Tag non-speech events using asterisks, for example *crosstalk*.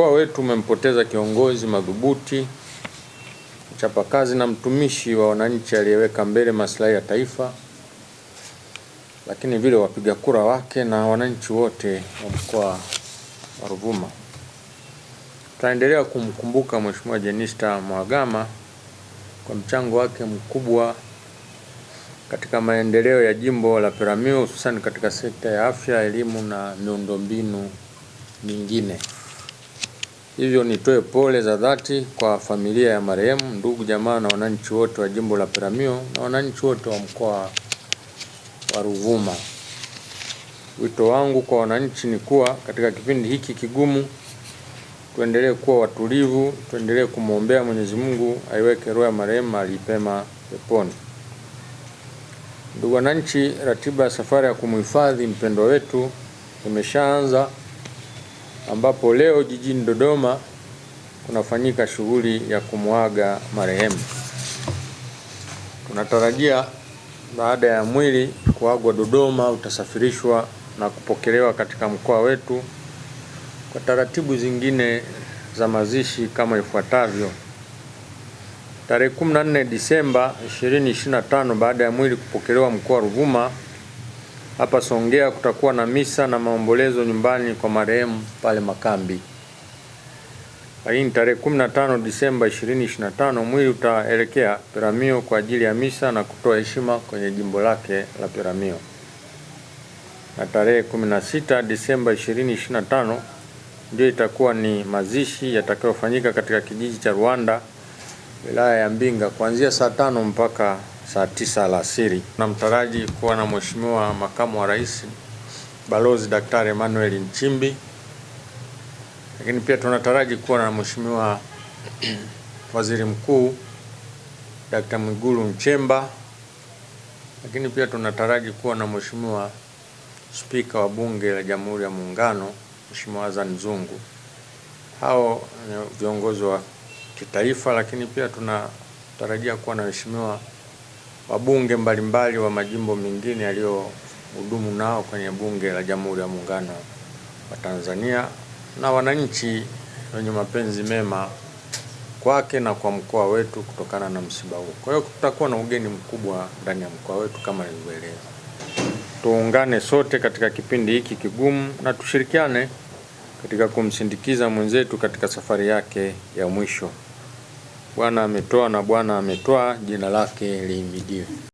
Mkoa wetu umempoteza kiongozi madhubuti, mchapakazi na mtumishi wa wananchi aliyeweka mbele maslahi ya taifa, lakini vile wapiga kura wake na wananchi wote wa mkoa wa Ruvuma. Tutaendelea kumkumbuka Mheshimiwa Jenista Mhagama kwa mchango wake mkubwa katika maendeleo ya jimbo la Peramiho, hususan katika sekta ya afya, elimu na miundombinu mingine. Hivyo nitoe pole za dhati kwa familia ya marehemu, ndugu, jamaa na wananchi wote wa jimbo la Peramiho na wananchi wote wa mkoa wa Ruvuma. Wito wangu kwa wananchi ni kuwa katika kipindi hiki kigumu, tuendelee kuwa watulivu, tuendelee kumwombea Mwenyezi Mungu aiweke roho ya marehemu mahali pema peponi. Ndugu wananchi, ratiba ya safari ya kumhifadhi mpendwa wetu imeshaanza ambapo leo jijini Dodoma kunafanyika shughuli ya kumwaga marehemu. Tunatarajia baada ya mwili kuagwa Dodoma utasafirishwa na kupokelewa katika mkoa wetu kwa taratibu zingine za mazishi kama ifuatavyo. Tarehe 14 Disemba 2025, baada ya mwili kupokelewa mkoa wa Ruvuma hapa Songea kutakuwa na misa na maombolezo nyumbani kwa marehemu pale Makambi. Lakini tarehe 15 Disemba 2025 mwili utaelekea Peramio kwa ajili ya misa na kutoa heshima kwenye jimbo lake la Peramio, na tarehe 16 Disemba 2025 ndio itakuwa ni mazishi yatakayofanyika katika kijiji cha Rwanda wilaya ya Mbinga kuanzia saa tano mpaka saa tisa alasiri. Namtaraji kuwa na Mheshimiwa Makamu wa Rais Balozi Daktari Emmanuel Nchimbi, lakini pia tunataraji kuwa na Mheshimiwa *clears throat* Waziri Mkuu Dkt. Mwigulu Nchemba, lakini pia tunataraji kuwa na Mheshimiwa Spika wa Bunge la Jamhuri ya Muungano Mheshimiwa Azan Zungu. Hao ni viongozi wa kitaifa, lakini pia tunatarajia kuwa na Mheshimiwa wabunge mbalimbali wa majimbo mengine yaliyohudumu nao kwenye Bunge la Jamhuri ya Muungano wa Tanzania na wananchi wenye mapenzi mema kwake na kwa mkoa wetu kutokana na msiba huu. Kwa hiyo tutakuwa na ugeni mkubwa ndani ya mkoa wetu kama nilivyoeleza. Tuungane sote katika kipindi hiki kigumu na tushirikiane katika kumsindikiza mwenzetu katika safari yake ya mwisho. Bwana ametoa na Bwana ametoa jina lake lihimidiwe.